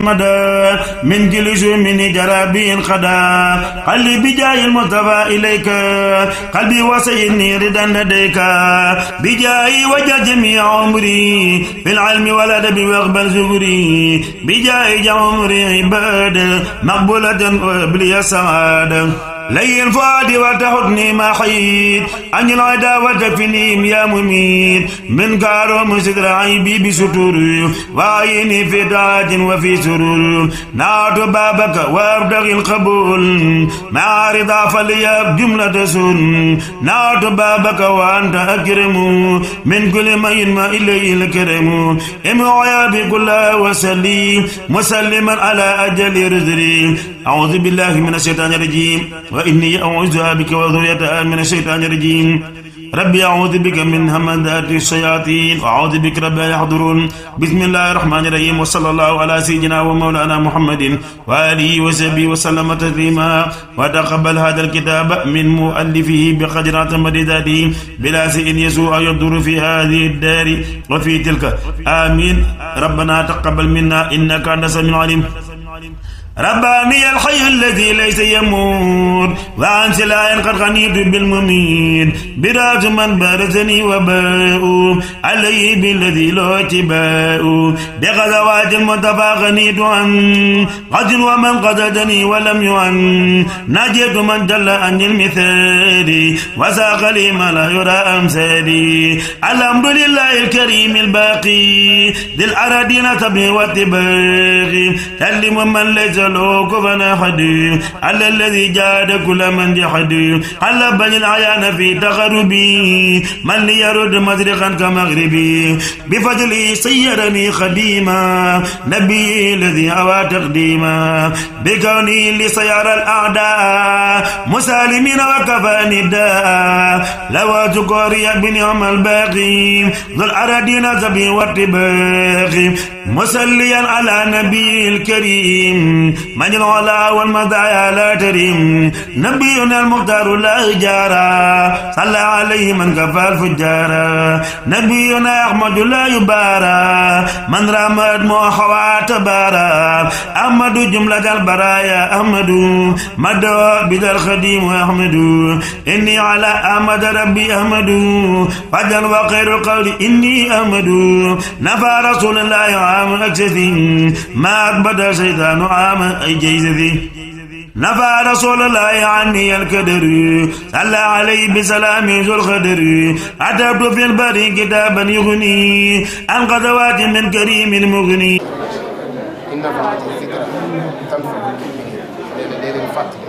محمد من جلوس من جرابين خدا قلبي جاي المصطفى إليك قلبي وسيدني رضا لديك بجاي وجه جميع عمري في العلم والأدب واقبل زهري بجاي جا عمري عباد مقبولة وابلي سعادة لين فادي وتهدني ما حيد أن العدا وتفنيم يا مميت من كارم ستر عيبي بستور وعيني في داج وفي سرور نار بابك وابتغي القبول مع رضا فلياب جملة سن نار بابك وأنت أكرم من كل ما ينمى إليه الكرم امعيا بكل وسليم مسلما على أجل رزري أعوذ بالله من الشيطان الرجيم وإني أعوذها بك وذريتها من الشيطان الرجيم ربي أعوذ بك من همدات الشياطين وأعوذ بك رب يحضرون بسم الله الرحمن الرحيم وصلى الله على سيدنا ومولانا محمد وآله وصحبه وسلم تسليما وتقبل هذا الكتاب من مؤلفه بقدرات مديداته بلا سئ يسوع يبدر في هذه الدار وفي تلك آمين ربنا تقبل منا إنك أنت السميع العليم رباني الحي الذي ليس يموت وأنت لا قد غنيت بالمؤمن برات من بارزني وباء عليه بالذي لا اتباء بغزوات المتفى غنيت عن قتل ومن قتلني ولم يعن نجد من جل عن المثال وساق لي ما لا يرى أمثالي الحمد لله الكريم الباقي ذي الأرادين تبني والتباغي تلم من ليس له فنا حديث على الذي جاد كل من دي حديث على بني العيان في تغربي من يرد مزرقا كمغربي بفضله صيرني خديما نبي الذي أوى تقديما بكوني لسيار الأعداء مسالمين وكفاني داء لو تقري بنعم الباقي ذو الأرادين زبي والتباقي مصليا على نبي الكريم من العلا والمدايا لا تريم نبينا المختار لا جارا صلى عليه من كفى الفجارا نبينا أحمد لا يبارا من رمد موحوى تبارا أحمد جملة البرايا أحمد مدى بذا الخديم أحمد إني على أحمد ربي أحمد فجر وخير القول إني أحمد نفى رسول الله عام أجدي ما أكبر شيطان عام أجدي نفع رسول الله عني الكدر صلى عليه بسلام ذو الخدر عتبت في البر كتابا يغني عن قدوات من كريم مغني إن تنفع لأن دير الفتح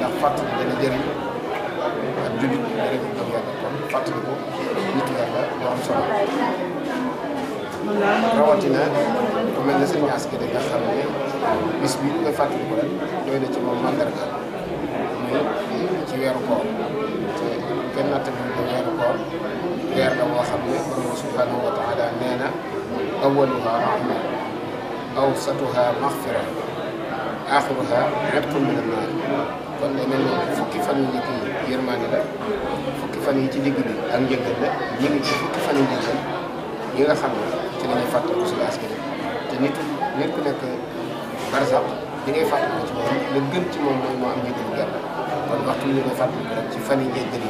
لا فتح لأن دير الجلد لأن دير الفتح rawatina ku mel ne sëñ aski de nga xam ne bis bi ñu koy fàttaliku rek doy na ci moom mandarga muy ci weeru koor te kenn nattali ko weeru koor weer la boo xam ne borom subhanahu wa taala nee na awaluha rahma awsatuha maxfira aaxiruha itqun min annaar kon day mel ne fukki fan yi ci yërmaande la fukki fan yi ci digg bi ak njëggal la ñu ngi ci fukki fan yi njëggal yi nga xam ne nga lay fàttaliku si askan te nit nit ku nekk par exemple di ngay fàttaliku ci moom la gën ci moom mooy moo am njëkk bu gerte kon waxtu bi ñu koy fàttaliku rek fan yi ngay jënd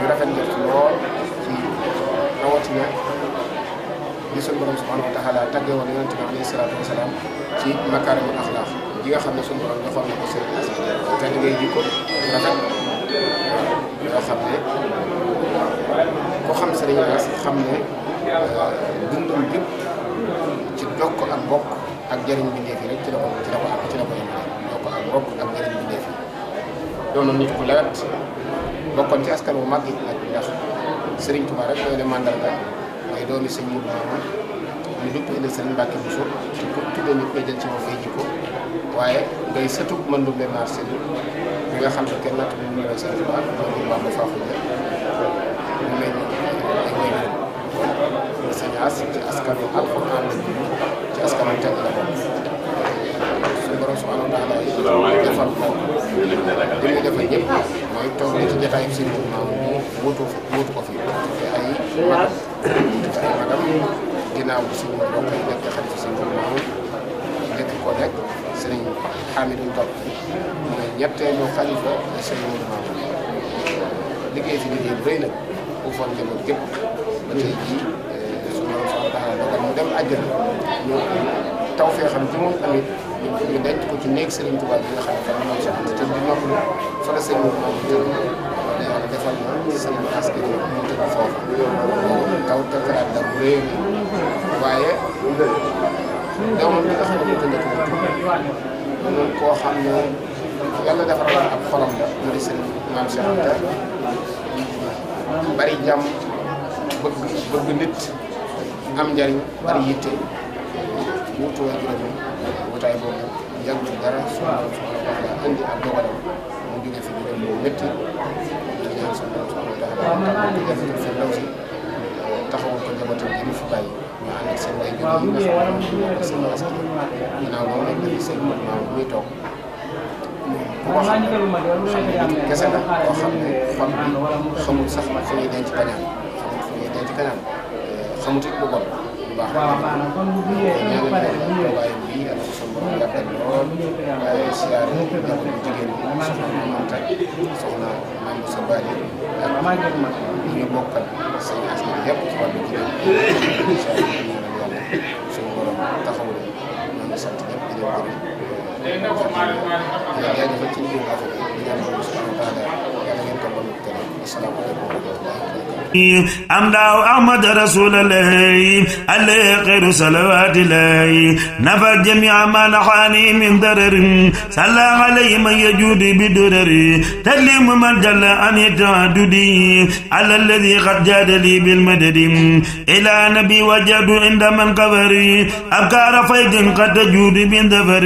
ñu rafet njort ci lool nga xam ne na ko seen askan te ngay jikko rafet nga xam ne ko xam Sëriñ Bass xam ne euh, dundam lépp ci dokk ak mbokk ak jëriñ bi nekk rek ci la ko ci la ko am ci bi nekk doonoon nit ku lewet bokkoon ci askan bu mag yi nag ndax Sëriñ Tuubaa rek doy na mandarga mooy doomi sëñ Mudu Maamun ñu duppee ne Sëriñ Mbàkke Buso te pour tuddee nit koy jël ci ma fay jikko waaye ngay sëtu mën lu leen naan nga xam ne kenn natt nañu la seen tubaab loolu moom dafa am lépp ñu ngi leen di sëñ As ci askanu alxuraan la ci askanu teg la ko suñu borom subhanahu wa taala defal ko li mu defal ñëpp mooy toog ci si biir maam mu wutu wutu te ay madam te ay madam ginnaaw bi ko nekk. sëriñ Hamidou Ndop mooy ñetteelu xalifa sëriñ Modou Mamoun liggéey fi liggéey bu rëy nag bu foog njaboot gépp ba tey jii su ma soxla taxaw dogal mu dem àjjana ñu taw fee xam ji moom amit ñu denc ko ci néeg sëriñ Tuubaa bi nga xam ne moom sax te di noppalu fa la sëriñ Modou Mamoun tëdd wala yàlla defal na sëriñ Aske mu tëdd foofu taw tëkkaraat dam réew mi waaye doomam bi nga xamante ne moom koo xam ne yàlla defaral ak xolam la mu di seen maam Cheikh bari jàmm bëgg nit am njariñ bari yitte wutu waa juróomi wutaay boobu dara su ma indi ak dogalam mu jóge fi ñu dem lu métti di ñaan suñu borom subhanahu wa taala taxawul ko njabootam gi fi bàyyi ñu ànd ak seen ay gën yi nga si marché bi ginnaaw boobu nag dañuy seen mën maam muy toog koo xam ne xam ne nit kese la xam ne xam bi xamul sax ma fi ñuy denc kanam xamul fi ñuy denc kanam xamut it bu bu baax. waaw baax na kon bu ñëwee bu pare bu ñëwee waaye bii yàlla ko soxla nga teg lool waaye siyaare ñëpp jigéen bi soxna Mame Tall soxna Mame Moussa Bali ak Maguette Mag ñu bokkal sëñ Asma yëpp ci wàllu jigéen incha allah ñu ngi yàlla suñu borom taxawul ñu ngi sant ñëpp di leen gërëm di leen jaajëfal ci ñu affaire yi di ñaan borom subhanahu wa taala السلام عليكم أحمد رسول الله عليه خير صلوات الله نفى جميع ما نحاني من ضرر صلى عليه من يجود بدرر تلم من جل أن تعددي على الذي قد جاد لي بالمدد إلى نبي وجد عند من قبر أبكار فيض قد تجود من ذفر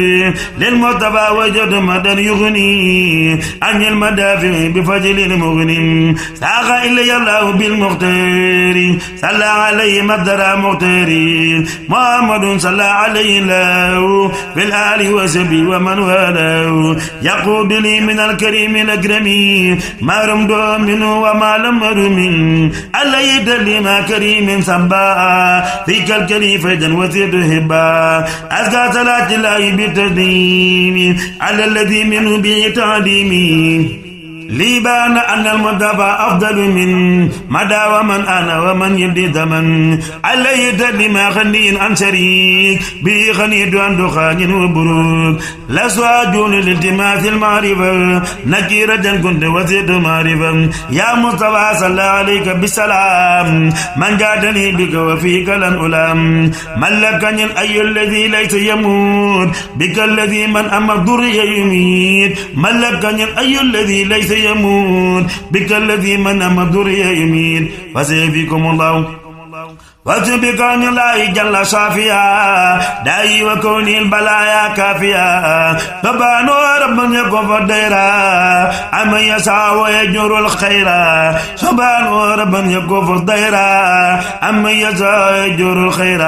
للمرتبى وجد مدى يغني عن المدافع بفجل مغنم ساق إلي الله بالمغتير صلى عليه مدر مغتير محمد صلى عليه الله الآل وسبي ومن والاه يقود لي من الكريم الأكرم ما رمد منه وما لم أرم علي دلي ما كريم سبا فيك الكريم فيدا وثير هبا أزكى صلاة الله بتديم على الذي منه به تعليمي ليبان أن المدافع أفضل من مدى ومن أنا ومن يبدي دمن علي ما غني عن شريك به غني عن دخان وبروك لسوا دون في المعرفة نكيرة كنت وزيد معرفة يا مصطفى صلى عليك بالسلام من جادني بك وفيك لن ألام من لكني أي الذي ليس يموت بك الذي من أمر ضري يميت من لكني أي الذي ليس يمون بك الذي من مدر يمين فسيفيكم الله واتبك عن الله جل شافيا داي وكوني البلايا كافيا فبانو رب يكون فديرا أما يسعى ويجر الخير سبحانه رب يكون فديرا أما يسعى ويجر الخير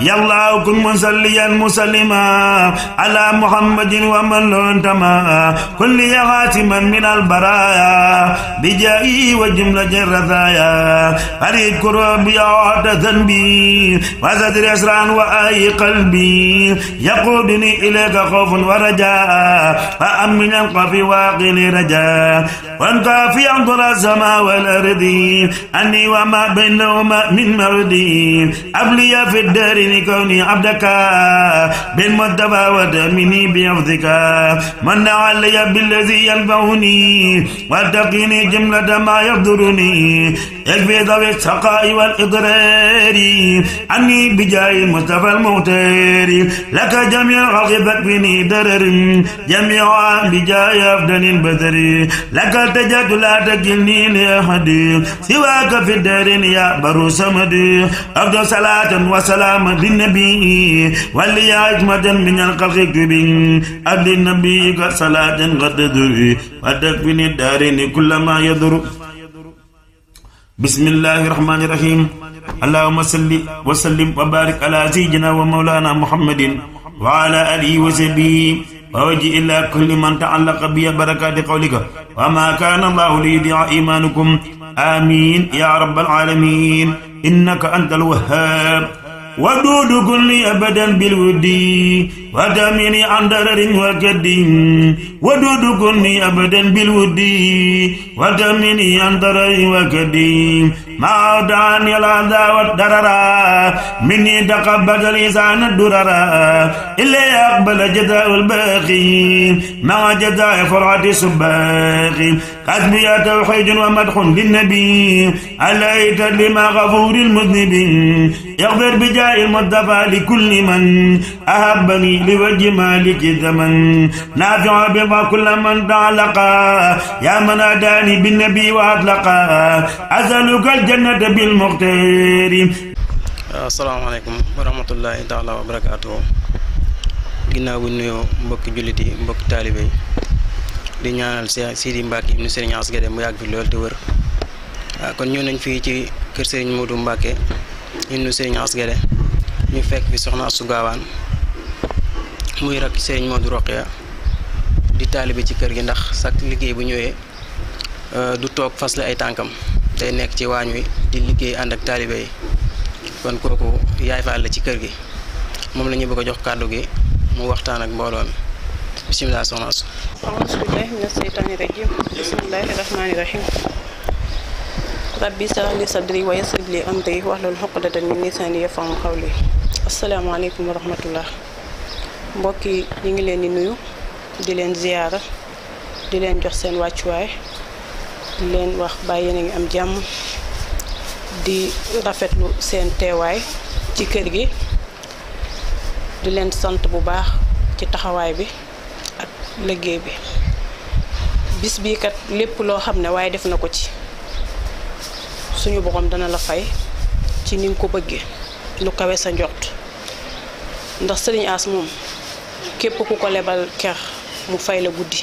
يا الله كن مسليا مسلما على محمد ومن تما كل يا خاتما من البرايا بجائي وجملة الرثايا أريد كرب يا عهد ذنبي وزدر أسران وآي قلبي يقودني إليك خوف ورجاء فأمن القفي واقل رجاء وانت في انظر السماء والأرض أني وما بينهما من مردي أبلي في الدار مني كوني عبدك مدبا وتمني بحفظك من علي بالذي ينفعني واتقيني جملة ما يبدرني اكفي ذوي السقاء والإضرار عني بجاه المصطفى المختار لك جميع الخلق فاكفني درر جميعا بجاه افدن البذر لك تجد لا تكلني لأحد سواك في الدار يا برو سمد أفضل صلاة وسلام أبل النبي ولي أجمد من الخلق جبين أبل النبي كصلاة قد دري ودك الدارين كل ما يدر بسم الله الرحمن الرحيم اللهم صل وسلم وبارك على سيدنا ومولانا محمد وعلى آله وصحبه ووجه إلى كل من تعلق بي بركات قولك وما كان الله ليضيع إيمانكم آمين يا رب العالمين إنك أنت الوهاب ودود كل أبدا بالود وتمني عن درر وكد ودود أبدا بالود ودمني أن ضرر وكديم ما دعني العذا والدررا مني تقبل لسان الدررا إلا يقبل جزاء الباقي مع جزاء فرعة سباقي قسمي توحيد ومدح للنبي أليت لما غفور المذنب يغفر بجاء المصطفى لكل من أهبني لوجه مالك الزمن نافع بم وما كل من تعلقا يا من أداني بالنبي وأطلقا أزلك الجنة بالمختار السلام عليكم ورحمة الله تعالى وبركاته ginnaaw bu nuyoo mbokki jullit yi mbokki taalibe yi di ñaanal Sidi Mbacke ibn Serigne Ass Guédé mu yag fi lol te wër ah, kon ñu nañ fi ci kër Serigne Modou Mbacke ibn Serigne Ass Guédé ñu fekk fi soxna Astou Gawane muy rak Serigne Modou roqiya di taalibe ci kër gi ndax chaque liggéey bu ñëwee euh, du toog fas ay tànkam day nekk ci waañ wi di liggéey ànd ak taalibe yi kon kooku yaay faal la ci kër gi moom lañuy ñu bëgg a jox kàddu gi mu waxtaan ak mbooloo mi bisimilah soxna su aouzu billahi mina seytaani rajim bismillahi rahmaani rahim rabbi mbokk yi ñu ngi leen di nuyu di leen ziyaara di leen jox seen wàccuwaay di leen wax bàyyi yéen a ngi am jàmm di rafetlu seen teewaay ci kër gi di leen sant bu baax ci taxawaay bi ak liggéey bi bis bii kat lépp loo xam ne waaye def na ko ci suñu borom dana la fay ci ni ko bëggee lu kawe sa njort ndax sëriñ As moom képp ku ko lebal ker mu fay la guddi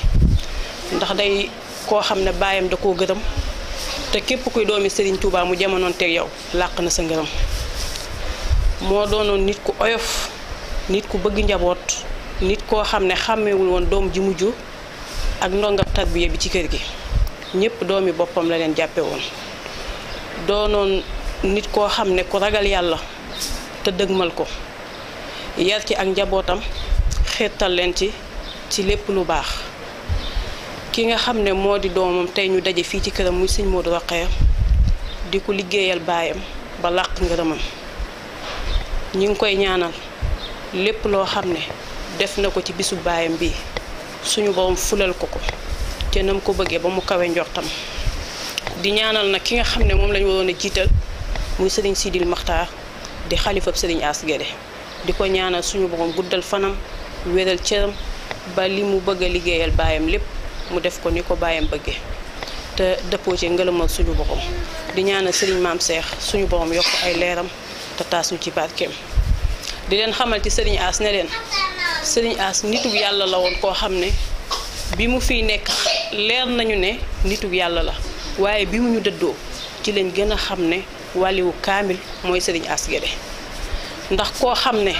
ndax day koo xam ne baayam da koo gërëm te képp kuy doomi Serigne Touba mu jamonoon te yow làq na sa ngërëm moo doonoon nit ku oyof nit ku bëgg njaboot nit koo xam ne xàmmewul woon doom ji mujj ak ndonga bi ci kër gi ñëpp doomi boppam la leen jàppe woon doonoon nit koo xam ne ku ragal yàlla te dëgmal ko yar ci ak njabootam xeetal leen ci ci lépp lu baax ki nga xam ne moo di doomam tey ñu daje fii ci këram muy sëñ Modou Rokhaya di ko liggéeyal baayam ba làq ngërëmam ñu ngi koy ñaanal lépp loo xam ne def na ko ci bisu baayam bi suñu borom fulal ko ko te nam ko bëggee ba mu kawee njortam di ñaanal nag ki nga xam ne moom lañu waroon jiital muy sëriñ Sidil Maxtaar di xalifab sëriñ As Guédé di ko ñaanal suñu borom guddal fanam wéral cëram ba li mu bëgg a liggéeyal baayam lépp mu def ko ni ko baayam bëgge te dëppoo ci ngërëm ak suñu borom di ñaana sëriñ maam seex suñu borom yokk ay leeram te taas ñu ci barkeem di leen xamal ci sëriñ As ne leen sëriñ As nitug yàlla la woon koo xam ne bi mu fi nekk leer nañu ne nitug yàlla la waaye bi mu ñu dëddoo ci leen gën a xam ne wàlliwu kaamil mooy sëriñ As Guédé ndax koo xam ne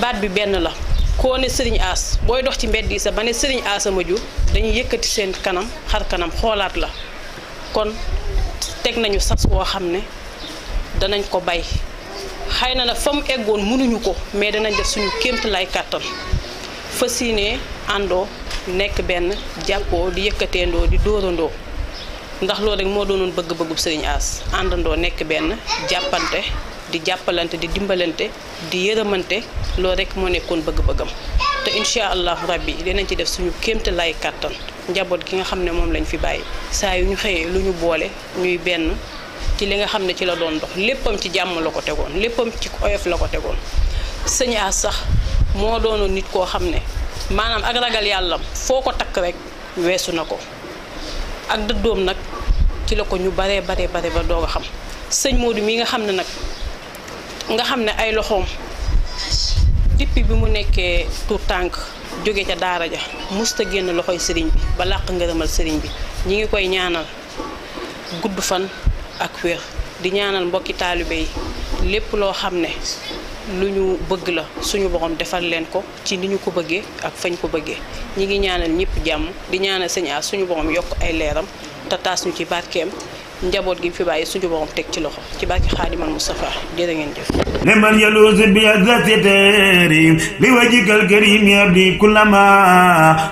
baat bi benn la koo ne Serigne As booy dox ci mbedd yi sax ba ne sëriñ As ma jur dañuy yëkkati seen kanam xar kanam xoolaat la kon teg nañu sas woo xam ne danañ ko bay xëy na nag fa mu eggoon mënuñu ko mais danañ def suñu kémt lay kàttan fas yéene àndoo nekk benn jàppoo di yëkkateendoo di dóorandoo ndax loolu rek moo doonoon bëgg-bëggub Serigne As àndandoo nekk benn jàppante di jàppalante di dimbalante di yërëmante loolu rek moo nekkoon bëgg-bëggam te incha allahu rabbi dinañ ci def suñu kéemte lay kàttan njaboot ki nga xam ne moom lañ fi bàyyi saa yu ñu xëyee lu ñu boole ñuy benn ci li nga xam ne ci la doon dox léppam ci jàmm la ko tegoon léppam ci oyof la ko tegoon sëñ sax moo doonoon nit koo xam ne maanaam ak ragal yàllam foo ko takk rek weesu na ko ak dëddoom nag ci la ko ñu baree bare bare ba doog a xam sëñ Modou mi nga xam ne nag nga xam ne ay loxoom depuis bi mu nekkee tuut tànk jóge ca daara ja musta génn loxoy sëriñ bi ba làq ngërëmal sëriñ bi ñi ngi koy ñaanal gudd fan ak wér di ñaanal mbokki taalibe yi lépp loo xam ne lu ñu bëgg la suñu boxoom defal leen ko ci ni ñu ko bëggee ak fañ ko bëggee ñi ngi ñaanal ñëpp jàmm di ñaanal sëñ a suñu borom yokk ay leeram te ñu ci barkeem njaboot gi fi bàyyi suñu borom teg ci loxo ci bàkki xaadimal Mustafa jërë ngeen jëf ne man yaluusu bi azatitari li wajikal karim yabdi kullama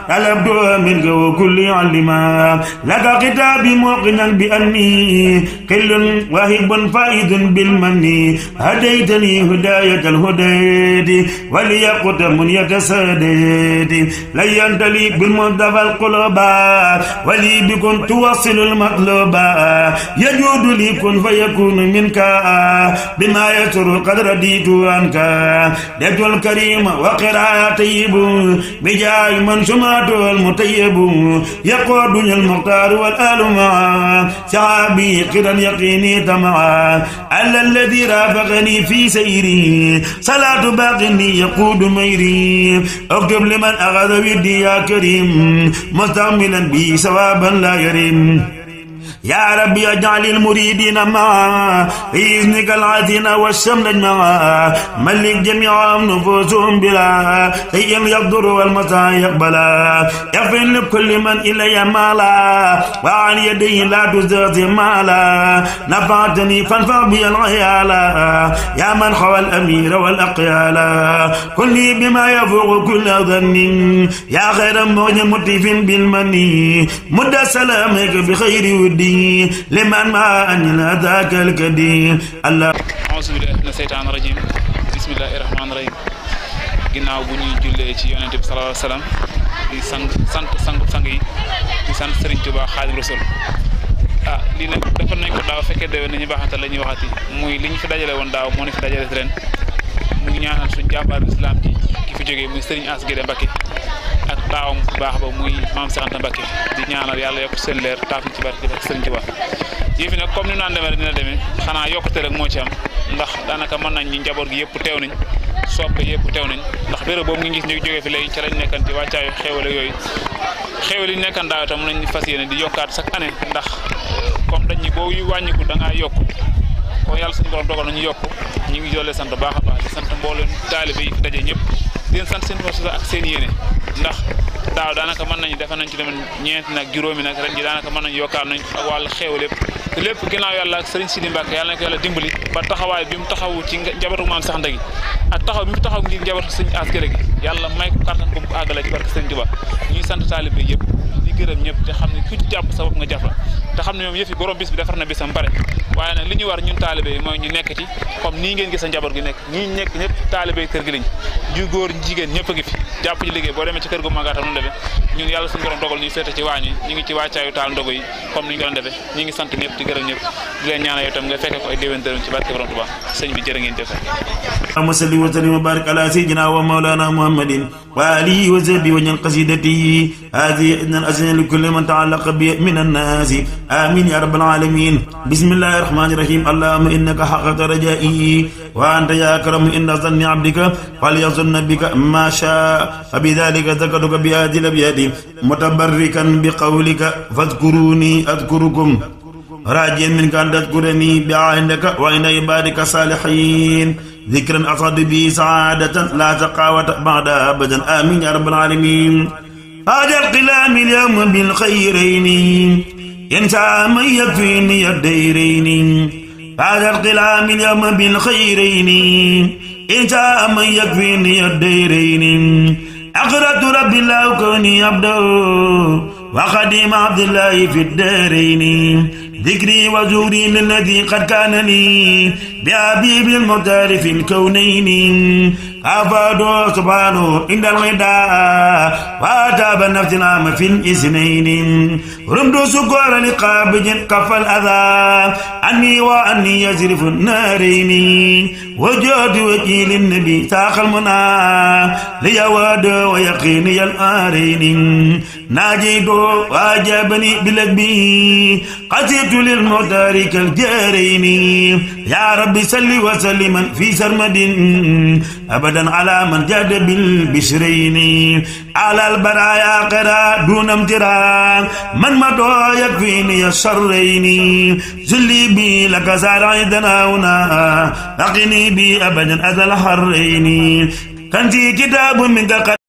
alabdu minka wa kulli alima laka xitaabi muqinan bi anni xillun wahibun faidun bilmanni hadaytani hidayatal hudaydi waliyaquta mun yatasadedi layantali bilmuntafal quluba wali bikun tuwasilul matluba يجود لي كن فيكون منك بما يسر قد رديت عنك دجو الكريم وقراء طيب بجاء من سمعت المطيب يقودني المختار والآل مع شعبي قدا يقيني تمعا ألا الذي رافقني في سيري صلاة باقني يقود ميري اكتب لمن أخذ بدي يا كريم مستعملا بي ثوابا لا يريم يا رب اجعل المريدين معا بإذنك العاثين والشمل اجمعا ملك جميع نفوسهم بلا هي يقدر والمساء يقبلا يغفر لكل من إلي مالا وعن يديه لا تزغت مالا نفعتني فانفع بي العيالا يا من حوى الأمير والأقيالا كن لي بما يفوق كل ظن يا خير موج مطيف بالمني مد سلامك بخير ودي به لمن ما أن هداك الكبير الله أعوذ بالله من الشيطان الرجيم بسم الله الرحمن الرحيم ginaaw bu ñuy ci bi sallallahu alayhi wasallam di sang sang yi di serigne touba khadim ah li nak dafa nañ ko daaw fekke dewe nañu baxata waxati muy liñ fi dajale won daaw mo ne fi dajale ñaanal suñu islam ki fi joge muy serigne as gede taawam bu baax ba muy maam Cheikh Anta Mbacke di ñaanal yàlla yokk seen leer taaf ñu ci barke ak sëñ ci wax yëf yi nag comme ni naan demee dina demee xanaa yokkute rek moo ci am ndax daanaka mën nañ ñi njaboot gi teew nañ soppe yëpp teew nañ ndax béréb boobu nga gis ñu jógee fi léegi ca lañ nekkan ci wàccaayu xéewal ak yooyu xéewal yi nekkan daaw itam nañ fas yéene di yokkaat chaque année ndax euh, comme dañ ñi boo wàññiku da yokk yokku ko yàlla suñu borom dogal nañu yokk ñu ngi joolee sant baax a baax di sant mboolem taalibe yi fi daje ñëpp di leen sant seen wërsëg ak seen yéene ndax daaw daanaka mën nañu defe nañ ci demen ñeent nag juróomi nag ren ji daanaka mën nañu yokkaat nañ ak wàllu xeew lépp te lépp ginnaaw yàlla ak sëriñ Sidi yàlla na dimbali ba taxawaay bi mu taxawu ci njabootu maam sax ndegi ak taxaw bi mu taxaw ngir njabootu sëñ asgëlé gi yàlla may ko kàttan bu mu àggale ci barke sëñ Tuubaa ñuy sant taalibe yëpp gërëm ñëpp te xam ne ku jàpp sa nga jàpp la te xam ne moom yëfi borom bis bi defar na bisam bare waaye nag li ñu war ñun taalibe mooy ñu nekk ci comme nii ngeen gis sa gi nekk ñii nekk ñëpp taalibe kër gi lañ ñu góor jigéen ñëpp ngi fi jàpp ci liggéey boo demee ci kër gu magatam nu defe ñun yàlla suñu borom dogal ñu seeta ci waañ ñu ngi ci wàccaayu taal ndogu yi comme ni ñu ko doon defe ñu ngi sant ñëpp di gërëm ñëpp di leen wa sallim wa وآله وزبي وجن قصيدتي هذه إذن الاسئله لكل من تعلق بي من الناس آمين يا رب العالمين بسم الله الرحمن الرحيم اللهم إنك حق رجائي وأنت يا أكرم إن ظن عبدك فليظن بك ما شاء فبذلك ذكرك بهذه الأبيات متبركا بقولك فاذكروني أذكركم راجيا منك أن تذكرني بعينك وعين عبادك صالحين ذكرا أصعد به سعادة لا تقاوة بعد أبدا آمين يا رب العالمين هذا القلام اليوم بالخيرين ينسى من يكفيني الديرين هذا القلام اليوم بالخيرين ينسى من يكفيني الديرين أقرأت رب الله كوني عبده وخديم عبد الله في الدارين ذكري وزوري من الذي قد كان لي بأبي بالمتار في الكونين أفادو سبحانه عند الغداء فاتى بالنفس العام في الإثنين رمدو سكور لقابج كف الأذى أني وأني يزرف النارين وجود وجه للنبي تاخ المنى ليواد ويقيني الآرين ناجيت واجبني بلقبي قتلت للمدارك الجارين يا ربي صل وسلم في سرمد أبدا على من جاد بالبشرين على البرايا قرا دون امتران من مدعو يكفيني الشرين زلي بي لك زارع دناونا أقني بي أبدا أذى الحرين كنتي كتاب منك